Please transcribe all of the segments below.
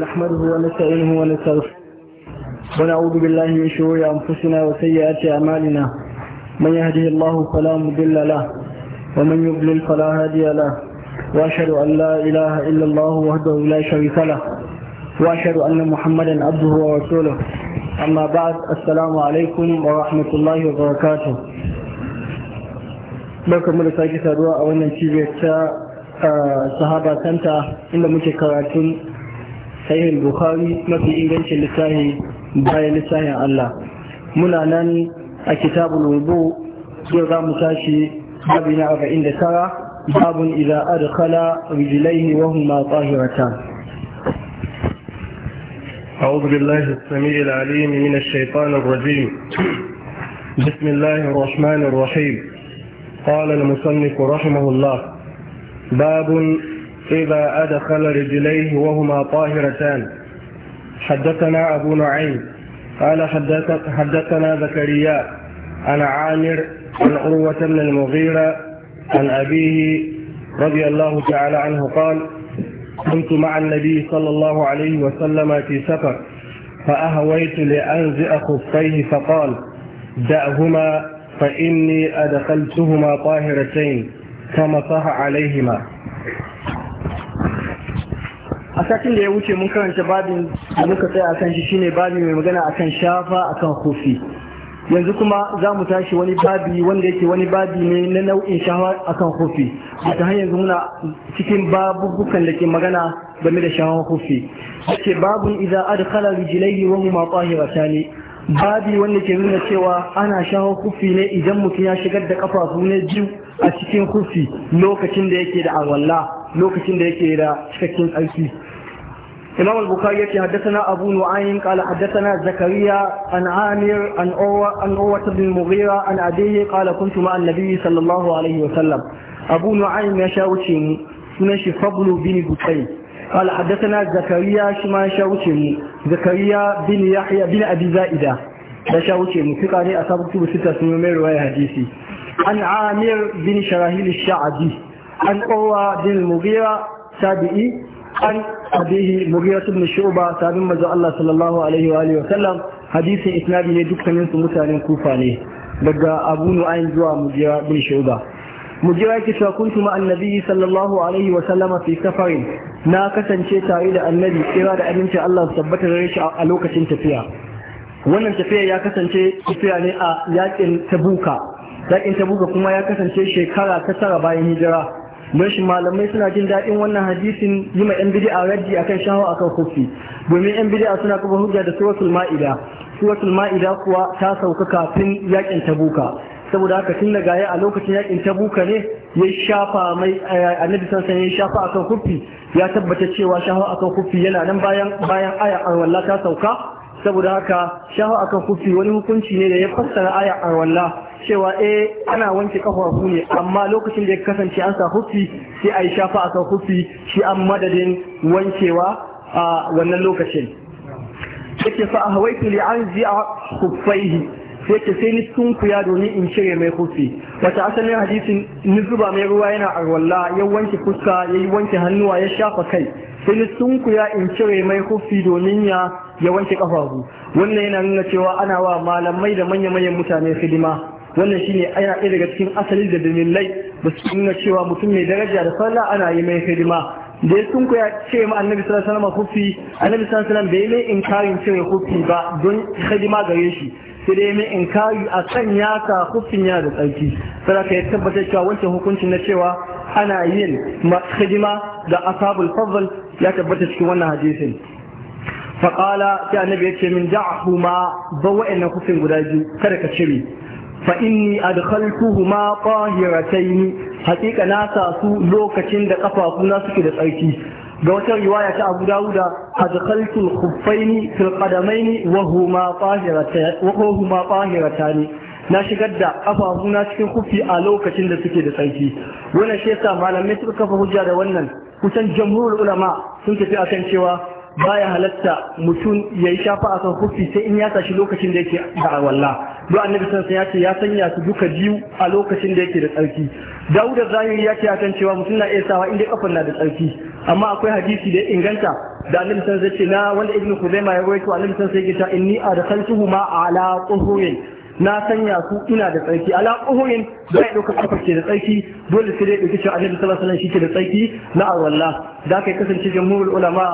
نحمده ونستعينه ونستغفره ونعوذ بالله من شرور أنفسنا وسيئات أعمالنا من يهده الله فلا مضل له ومن يضلل فلا هادي له وأشهد أن لا إله إلا الله وحده لا شريك له وأشهد أن محمدا عبده ورسوله أما بعد السلام عليكم ورحمة الله وبركاته barkanmu da sake saduwa a wannan cibiyar ta sahaba santa inda muke karatun sahih bukhari mafi ingancin lissahi bayan lissahin Allah muna nan a kitabul wudu yau za mu tashi babi na 49 babun idza adkhala rijlaihi wa huma tahiratan أعوذ بالله السميع العليم من الشيطان الرجيم بسم الله الرحمن الرحيم قال المصنف رحمه الله باب إذا أدخل رجليه وهما طاهرتان حدثنا أبو نعيم قال حدثنا زكريا عن عامر عن عروة بن المغيرة عن أبيه رضي الله تعالى عنه قال كنت مع النبي صلى الله عليه وسلم في سفر فأهويت لأنزئ خفيه فقال دعهما فإني أدخلتهما طاهرتين فمسح عليهما a satin da ya wuce mun karanta babin da muka tsaya kan shi shine babi mai magana akan shafa akan kofi yanzu kuma za mu tashi wani babi wanda yake wani babi ne na nau'in shawa akan kofi ta hanyar muna cikin babubukan da ke magana game da shafa kofi yake babun idan adkhala rijlaihi wa huma tahiratan babi wanda ke nuna cewa ana shawar kofi ne idan mutum ya shigar da kafafu ne biyu a cikin kofi lokacin da yake da alwala lokacin da yake da cikakken tsarki إمام البخاري حدثنا أبو نعيم قال حدثنا زكريا عن عامر عن عروة عن عروة بن المغيرة عن أبيه قال كنت مع النبي صلى الله عليه وسلم أبو نعيم يشاوشي سنشي فضل بن بكير قال حدثنا زكريا شما يشاوشي زكريا بن يحيى بن أبي زائدة يشاوشي مثقى لي أصابت كتب ستة سنومين رواية حديثي عن عامر بن شراهيل الشعبي عن عروة بن المغيرة سابئي عن أبيه مغيرة بن شعبة تابع مزو wa صلى الله عليه وآله وسلم حديث إسنادي يدك من سمتان كوفاني بقى أبو نعين زوا مغيرة بن شعبة مجرد cewa kuntu ma annabi sallallahu alaihi wa sallam fi safarin na kasance tare da annabi kira da aminci Allah tabbata da shi a lokacin tafiya wannan tafiya ya kasance tafiya ne a yakin tabuka yakin tabuka kuma ya kasance shekara ta tara bayan hijira mun shi malamai suna jin daɗin wannan hadisin yi ma yan bid'a raddi akan shaho akan kufi domin yan bid'a suna kuma hujja da suratul ma'ida suratul ma'ida kuwa ta sauka kafin yakin tabuka saboda haka tun daga gaya a lokacin yakin tabuka ne ya shafa mai eh, annabi sansan ya shafa akan kufi ya tabbata cewa shaho akan kufi yana nan bayan bayan aya ta sauka saboda haka shaho akan kufi wani hukunci ne da ya fassara aya arwalla cewa eh ana wanke kafafu ne amma lokacin da ya kasance an sa hufi sai a yi shafa a kan hufi shi an madadin wankewa a wannan lokacin yake fa a hawaitu li an zi a hufaihi sai ke sai ni sunkuya domin in cire mai hufi wata asalin hadisin ni zuba mai ruwa yana arwalla ya wanke fuska ya yi wanke hannuwa ya shafa kai sai ni sunkuya in cire mai hufi domin ya ya wanke kafafu wannan yana nuna cewa ana wa malamai da manya-manyan mutane hidima wannan shine aya ɗaya daga cikin asali da dalilai da su nuna cewa mutum mai daraja da sallah ana yi mai hidima da ya sun ya ce ma annabi sallallahu alaihi wasallam kufi annabi sallallahu alaihi wasallam bai mai inkarin cewa kufi ba don hidima gare shi sai dai mai inkari a kan ya ka kufin ya da tsarki sai ka ya tabbatar cewa wancan hukuncin na cewa ana yin hidima da asabul fadl ya tabbata cikin wannan hadisin faƙala sai annabi ya ce min da'ahu ma ba wa'annan kufin guda biyu kada ka cire fa inni adkhaltuhuma tahiratayn hakika na sa su lokacin da ƙafafuna suke da tsarki ga wata riwaya ta Abu Dawuda adkhaltu khuffayn fil qadamayn wa huma tahiratayn wa huma na shigar da ƙafafuna cikin kufi a lokacin da suke da tsarki wannan shi yasa malamai suka kafa hujja da wannan kusan jamhurul ulama sun tafi akan cewa baya halatta mutum ya yi shafa akan kufi sai in ya tashi lokacin da yake da awalla duk annabi sallallahu ya ce ya sanya su duka biyu a lokacin da yake da tsarki Dawud zahiri ya ce akan cewa mutum na iya sawa inda kafan na da tsarki amma akwai hadisi da inganta da annabi sallallahu alaihi ce na wanda ibnu kuzaima ya rawaito annabi sallallahu alaihi wasallam ya ce ma adkhaltuhuma ala quhurin na sanya su ina da tsarki ala quhurin bai dauka kafa ke da tsarki dole sai dai dauki cewa annabi sallallahu alaihi wasallam shi ke da tsarki na awalla da kai kasance jumhurul ulama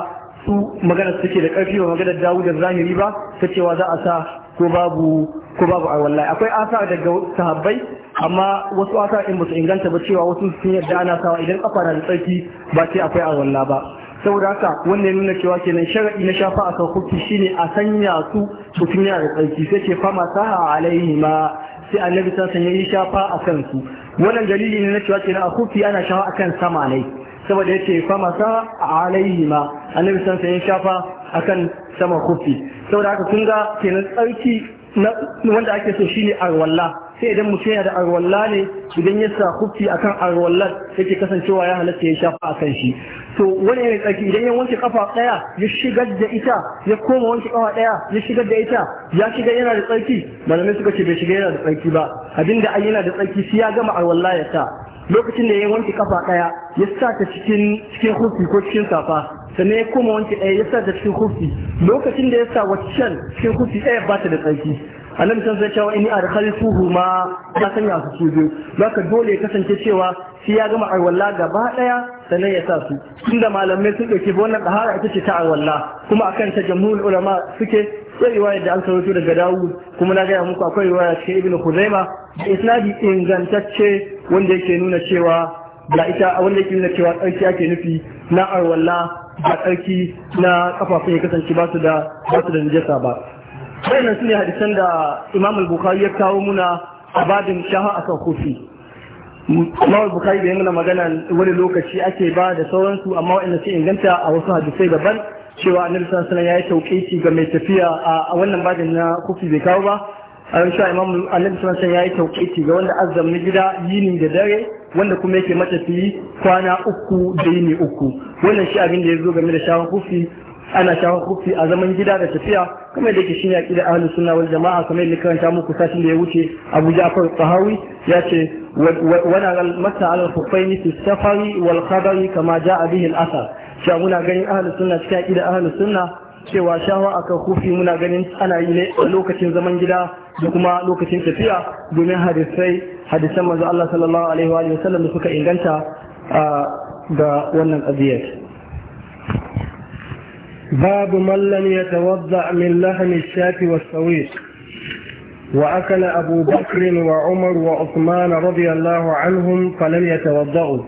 su magana suke da karfi ba magana Dawud zahiri ba ta cewa za a sa ko babu ko babu a wallahi akwai asa daga sahabbai amma wasu asa in ba su inganta ba cewa wasu sun yadda ana sawa idan kafa na da tsarki ba ce akwai a walla ba saboda haka wannan ya nuna cewa kenan sharadi na shafa a kan sauƙoƙi shine a sanya su mutum yana da tsarki sai ce fama saha alaihi ma sai annabi ta sanya yi shafa a kansu wannan dalili ne na cewa kenan a kufi ana shafa kan sama ne saboda yace fama saha alaihi ma annabi ta sanya shafa akan saman kufi saboda haka kun ga kenan tsarki na wanda ake so shine arwalla sai idan mutum yana da arwalla ne idan ya sa kufi akan arwallar yake kasancewa ya halatta ya shafa akan shi to wani ne tsarki idan ya wanke kafa daya ya shigar da ita ya koma wanke kafa daya ya shigar da ita ya shiga yana da tsarki malamai suka ce bai shiga yana da tsarki ba abinda ai yana da tsarki sai ya gama arwalla ya sa lokacin da ya wanke kafa ɗaya ya sa ta cikin cikin hufi ko cikin safa sannan ya koma wanke daya ya sa ta cikin hufi lokacin da ya sa waccan cikin hufi ɗaya ba ta da tsarki annabi san sai cewa inni adkhaltuhu ma ta sanya su su biyu zaka dole kasance cewa shi ya gama arwalla gaba daya sannan ya sa su da malamai sun dauke wannan dahara ita ce ta arwalla kuma akan ta jamhurul ulama suke sai riwaya da an sarauto daga Dawud kuma na gaya muku akwai riwaya cikin Ibn Khuzaima da isnadi ingantacce wanda yake nuna cewa da ita wanda yake nuna cewa tsarki ake nufi na arwalla ba tsarki na kafafun ya kasance ba su da ba su da najasa ba wayannan sune hadisan da Imam al-Bukhari ya kawo muna a babin shaha akan kofi Imam al-Bukhari bai yana magana wani lokaci ake ba da sauransu amma waɗanda sai inganta a wasu hadisai daban cewa Annabi sallallahu alaihi ya yi tauƙici ga mai tafiya a wannan babin na kofi bai kawo ba an sha imam annabi sallallahu ya yi tauqiti ga wanda azamin gida yini da dare wanda kuma yake matafiyi kwana uku da yini uku wannan shi abin da ya zo game da shawar kufi ana shawar kufi a zaman gida da tafiya kuma da yake shine aqida ahlus sunna wal jamaa kamar yadda karanta muku sashin da ya wuce Abu akwai Tahawi ya ce wana a masa al khuffaini fi safari wal khabari kama jaa bihi al athar cewa muna ganin ahlus sunna cikin aqida ahlus sunna cewa shawa akan kufi muna ganin ana yi ne a lokacin zaman gida da kuma lokacin tafiya domin hadisai hadisan manzo Allah sallallahu alaihi wa sallam da suka inganta ga wannan qadiyar babu man lam yatawadda min lahm ash-shati was-sawiq وأكل أبو بكر وعمر وعثمان رضي الله عنهم فلم يتوضأوا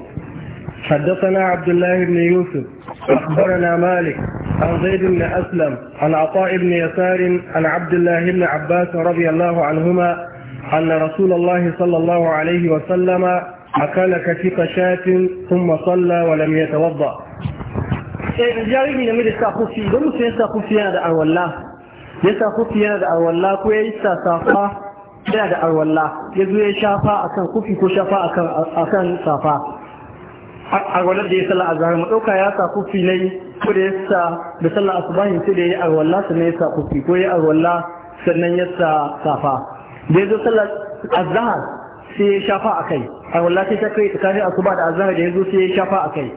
حدثنا عبد الله بن يوسف أخبرنا مالك عن زيد بن أسلم عن عطاء بن يسار عن عبد الله بن عباس رضي الله عنهما أن رسول الله صلى الله عليه وسلم أكل كتف شاة ثم صلى ولم يتوضأ jariri game da don mutum ya sa yana da arwalla ya sa yana da arwalla ko ya yi sa safa yana da arwalla ya zo ya shafa akan kufi ko shafa akan safa arwalar da ya sallah a mu dauka ya sa kufi ne ko da ya sa da sallah asubahin sai da ya arwalla sannan ya sa kufi ko ya arwalla sannan ya sa safa da ya zo a zahar sai ya shafa a kai arwalla sai ta kai tsakanin asuba da a zahar da ya zo sai ya shafa a kai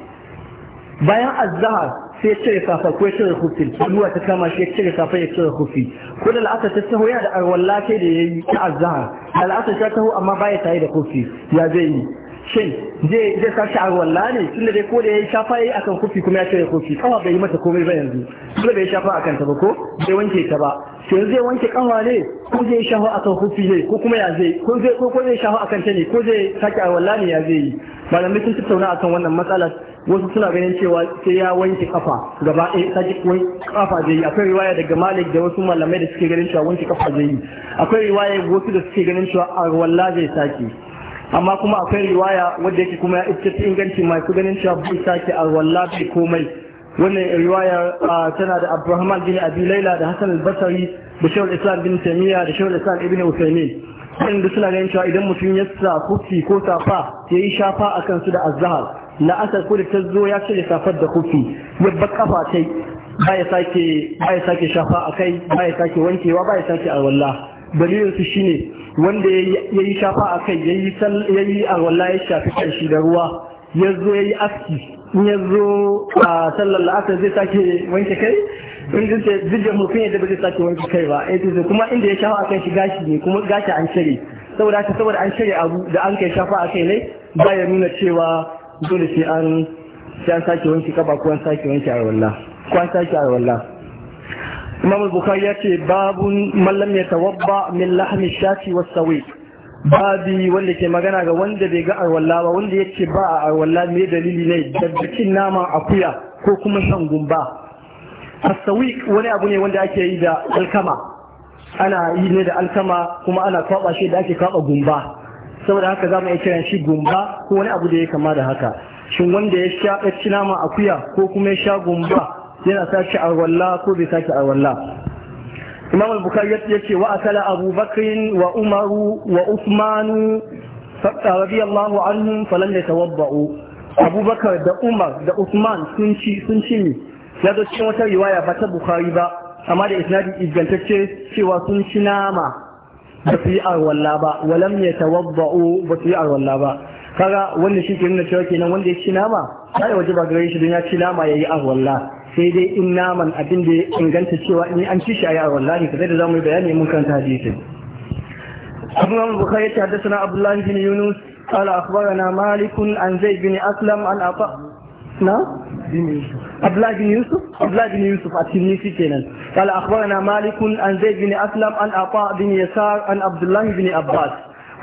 bayan a zahar sai ya cire safa ko ya cire kufi ruwa ta kama shi ya cire safa ya cire kufi ko da la'asar ta taho ya da arwalla sai da ya yi ta zahar da la'asar ta taho amma baya tare da kufi ya zai yi shin zai sashi walla ne tunda dai ko da yayi shafa yi akan kofi kuma ya ce kofi kawa bai yi mata komai ba yanzu tunda bai shafa akan ta ba ko bai wanke ta ba yanzu zai wanke kanwa ne ko zai shafa akan kofi ne ko kuma ya zai ko zai ko ko zai shafa akan ta ne ko zai saki walla ne ya zai yi malamai sun tattauna akan wannan matsalar wasu suna ganin cewa sai ya wanke kafa gaba ɗaya ta wai kafa zai yi akwai riwaya daga malik da wasu malamai da suke ganin cewa wanke kafa zai yi akwai riwaya wasu da suke ganin cewa arwalla zai saki amma kuma akwai riwaya wadda yake kuma ya ita ta inganci mai su ganin cewa bai sake alwala bai komai wannan riwaya tana da abdurrahman bin abi laila da hasan al-basri da shawul islam bin tamiya da shawul islam ibn usaimin wannan da suna ganin cewa idan mutum ya sa kufi ko safa ya yi shafa a kansu da azhar la'asar ko da ta zo ya ce safar da kufi ya bar kafa ba ya sake shafa akai kai ba ya sake wankewa ba ya sake alwala dalilinsu shine wanda ya yi shafa a kai ya yi a walla ya shafi kan shi da ruwa ya zo ya yi aski in ya zo a sallar la'asar zai sake wanke kai in zai ce zirgin mutum ya zai sake wanke kai ba ya eh, ce kuma inda ya shafa a kan shi gashi ne kuma gashi an shari saboda haka saboda an shari abu da an kai shafa a kai ne ba ya nuna cewa dole sai an sake wanke kaba ko an sake wanke a walla ko an sake a walla imam bukhari ya ce babu mallam ya tawabba min lahmi shati wa sawi babi wanda ke magana ga wanda bai ga arwalla ba wanda ya ce ba a arwalla me dalili ne dabbacin nama naman akuya ko kuma shan gumba as-sawi wani abu ne wanda ake yi da alkama ana yi ne da alkama kuma ana kwaba shi da ake kwaba gumba saboda haka za mu iya kiran shi gumba ko wani abu da ya kama da haka shin wanda ya sha ci nama akuya ko kuma ya sha gumba yana sake arwalla ko bai sake arwalla imam al-bukhari yace wa akala abu bakr wa Umar, wa uthmanu radiyallahu anhum falan yatawabba'u abubakar da umar da usman sun ci sun ci ne ya zo cikin wata riwaya ba ta bukhari ba amma da isnadi ingantacce cewa sun ci nama ba su yi arwalla ba walam ya tawabba'u ba su yi arwalla ba kaga wannan shi ke nuna cewa kenan wanda ya ci nama sai waje ba gare shi don ya ci nama ya yi arwalla sai dai in naman abin da ya inganta cewa ni an ci shi a wallahi zai da zamu yi bayani mun kanta hadisi Abu Muhammad Bukhari ya haddathana Abdullah bin Yunus qala akhbarana Malik an Zaid bin Aslam an Afa na Abdullah bin Yusuf Abdullah bin Yusuf at-Tirmidhi kenan qala akhbarana Malik an Zaid bin Aslam an Afa bin Yasar an Abdullah bin Abbas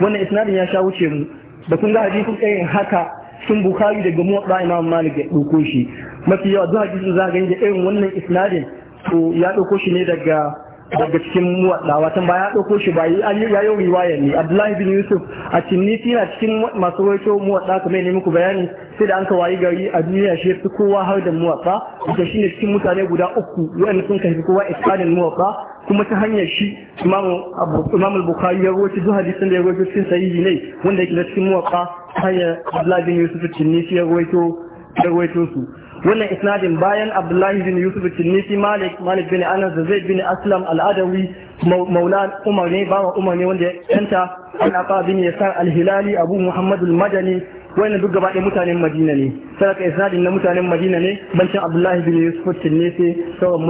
wannan isnadin ya sha wuce mu da kun ga hadisin irin haka sun bukhari daga motsa imam malik ya ɗauko shi mafi yawa zuwa hadisin za ga irin wannan isnadin to ya ɗauko shi ne daga daga cikin muwaɗawa? watan ba ya ɗauko shi ba ya yi riwayar ne abdullahi bin yusuf a cinniti na cikin masu rawaito muwaɗa kuma ne muku bayani sai da an ka wayi gari a duniya shi fi kowa har da muwaɗa da shi ne cikin mutane guda uku wanda sun kai kowa isnadin muwaɗa kuma ta hanyar shi imamu bukari ya rawaito duk hadisin da ya rawaito cikin sahihi ne wanda yake da cikin muwaɗa hanyar abdullahi bin yusuf cinnisi ya su wannan isnadin bayan abdullahi bin yusuf cinnisi malik malik bin anas da zai bin aslam al'adawi maula umar ne ba umar ne wanda ya yanta ana fa bin yasar alhilali abu muhammadul madani wannan duk gaba mutanen madina ne saraka isnadin na mutanen madina ne bancin abdullahi bin yusuf cinnisi sauran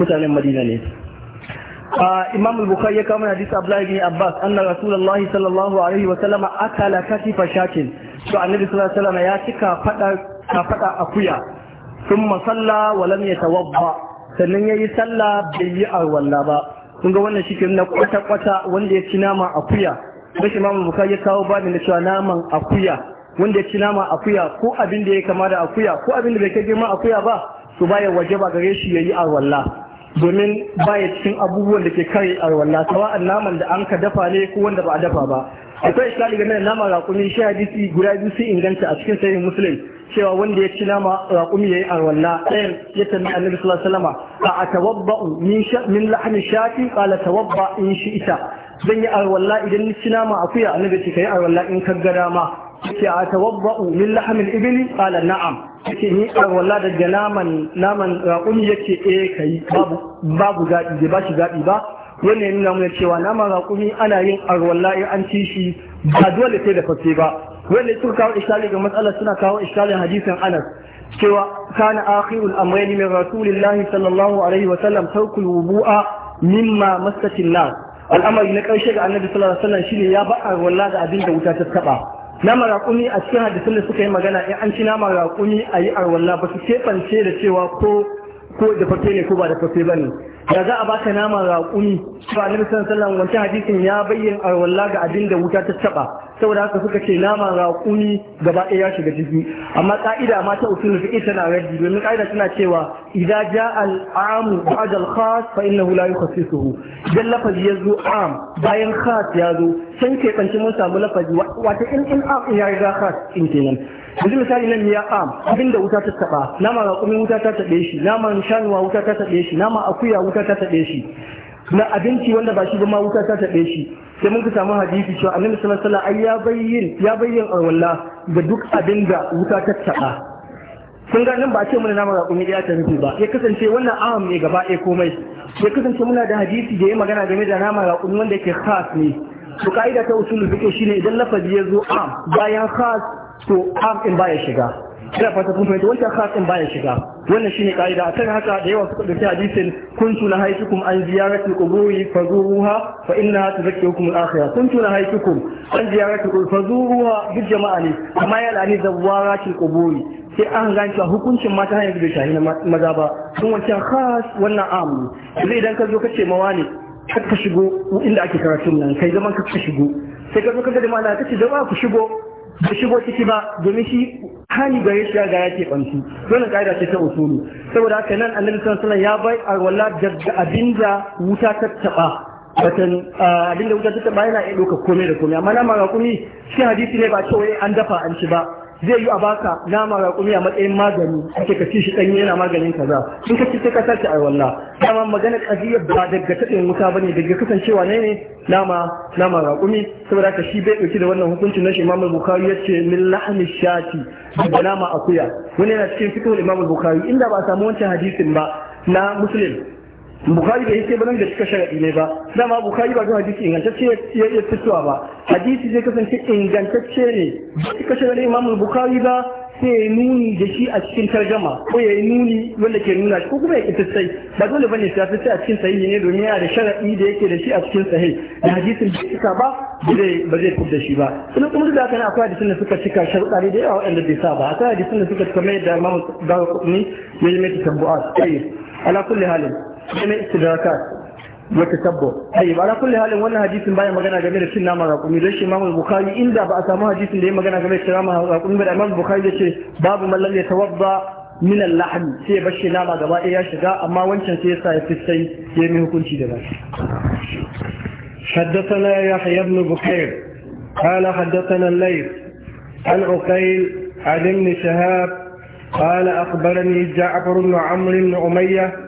mutanen madina ne imam al-bukhari ya kama hadisi abdullahi bin abbas anna Rasulullah sallallahu alaihi wa sallama akala katifa shakin to annabi sallallahu alaihi wa sallama ya cika fada ka fada akuya thumma salla wa lam yatawadda sannan yayi salla bai yi alwala ba kun ga wannan shi na kwata kwata wanda ya ci nama akuya sai imam al-bukhari ya kawo babin da cewa naman akuya wanda ya ci nama akuya ko abin da ya kama da akuya ko abin da bai kai girman akuya ba su baya waje ba gare shi yayi alwala domin baya cikin abubuwan da ke kare arwalla sawa'an naman da an ka dafa ne ko wanda ba a dafa ba akwai islami game da nama raƙumi shi hadisi guda biyu sun inganta a cikin sahihin muslim cewa wanda ya ci nama raƙumi yayi arwalla ɗayan ya tambayi annabi sallallahu alaihi wasallam a atawabba'u min min lahmi shati qala tawabba in ita. zan yi arwalla idan ni ci nama akuya annabi ce kai arwalla in ka ga dama yake a tawabba'u min lahamin ibili qala na'am yake ni alwala daga naman naman raƙumi yake eh kai babu babu gadi ba shi gadi ba wannan yana nuna cewa naman raƙumi ana yin alwala in an ci shi ba dole sai da fafe ba wanda suka kawo ishali ga matsalar suna kawo ishalin hadisin Anas cewa kana akhirul amrayn min rasulillahi sallallahu alaihi wa sallam tarkul wubu'a mimma massatin nas al'amari na karshe ga annabi sallallahu alaihi wasallam shine ya ba a walla da abin da wuta ta taba naman raƙumi a cikin hadisin da suka yi magana in an ci naman raƙumi a yi arwalla ba su keɓance da cewa ko ko da fafe ne ko ba da ba bane da za a baka naman raƙumi ba annabi sallallahu alaihi wancan hadisin ya bayyana arwalla ga abin da wuta ta taba saboda haka suka ce naman raƙumi gaba ɗaya ya shiga ciki amma ka'ida ma ta usul fiqh tana raddi domin ka'ida tana cewa idza jaa al-am ba'da al-khas fa innahu la yukhassisuhu idan lafazi ya zo am bayan khas ya zo sai ke kanci mun samu lafazi wato in in am ya riga khas in kenan yanzu misali nan ya am abinda wuta ta taba nama raƙumin wuta ta tabe shi naman shanuwa wuta ta tabe shi nama akuya wuta ta tabe shi na abinci wanda ba shi ba ma wuta ta tabe shi sai mun ka samu hadisi cewa annabi sallallahu alaihi wasallam ya bayyin ya bayyin arwalla ga duk abin da wuta ta taba kun ga nan ba ce mana nama raƙumi ya ta rufe ba ya kasance wannan am ne gaba ɗaya komai ya kasance muna da hadisi da ya magana game da nama raƙumi wanda yake khas ne to ka'ida ta usulul fiqh shine idan lafazi ya zo am bayan khas so am in baya shiga ina fata kun fahimta wancan khas din baya shiga wannan shine kaida akan haka da yawa suka dauki hadisin kuntu nahaitukum an ziyarati quburi fazuruha fa innaha tuzakkirukum al-akhirah kuntu nahaitukum an ziyarati quburi fazuruha bi jama'a ne kama ya lani zawaratil quburi sai an gane cewa hukuncin mata hanyar bai shahi na maza ba sun wancan khas wannan am sai idan ka zo ka ce mawa ne ka shigo inda ake karatun nan kai zaman ka shigo sai ka zo ka ga da mala ka ce jama'a ku shigo da shigo ciki ba domin shi hali gare shi ya ga ya ke ɓanci wannan ƙa'ida ce ta usulu saboda haka nan annabi sallallahu alaihi ya bai arwala daga abinda wuta ta taba abinda wuta ta taba yana iya ɗaukar komai da komai amma na mara shi hadisi ne ba cewa an dafa an ci ba zai yi a baka nama raƙumi a matsayin magani ake ka ci shi ɗanye yana maganin kaza in ka ci ta ka sace a wallah dama magana ƙadiyar ba daga taɗin wuta bane daga kasancewa ne ne nama nama raƙumi saboda ka shi bai ɗauki da wannan hukuncin na shi Bukhari yace min lahmi shati da nama akuya wani yana cikin fiqh Imam Bukhari inda ba samu wancan hadisin ba na Muslim bukhari bai sai banan da suka sharadi ne ba dama bukhari ba zuwa hadisi ingantacce ya iya fitowa ba hadisi zai kasance ingantacce ne suka sharadi imamu bukhari ba sai ya nuni da shi a cikin tarjama ko ya yi nuni wanda ke nuna shi ko kuma ya ki sai ba dole bane sai fi sai a cikin sahihi ne domin yana da sharadi da yake da shi a cikin sahihi da hadisin da suka ba ba zai fitar da shi ba sannan kuma duk da haka akwai hadisin da suka cika sharuɗa da yawa waɗanda bai sa ba akwai hadisin da suka kamar yadda imamu dawo ne ya yi mai tambu'a sai ala kulli halin من الاستدراكات والتتبع طيب على كل حال وانا حديث باي ما كان جميل في نام رقمي ليش امام البخاري اذا با اسامه حديث دي ما كان جميل في نام رقمي امام البخاري ده باب من لم يتوضا من اللحم شيء بس نام غبا ايه شجاع اما وانشان شيء ساي في سي شيء من كل شيء حدثنا يحيى بن بكير قال حدثنا الليث عن عقيل عن ابن شهاب قال اخبرني جعفر بن عمرو بن اميه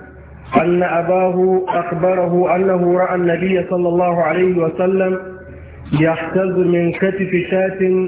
أن أباه أخبره أنه رأى النبي صلى الله عليه وسلم يحتز من كتف شاة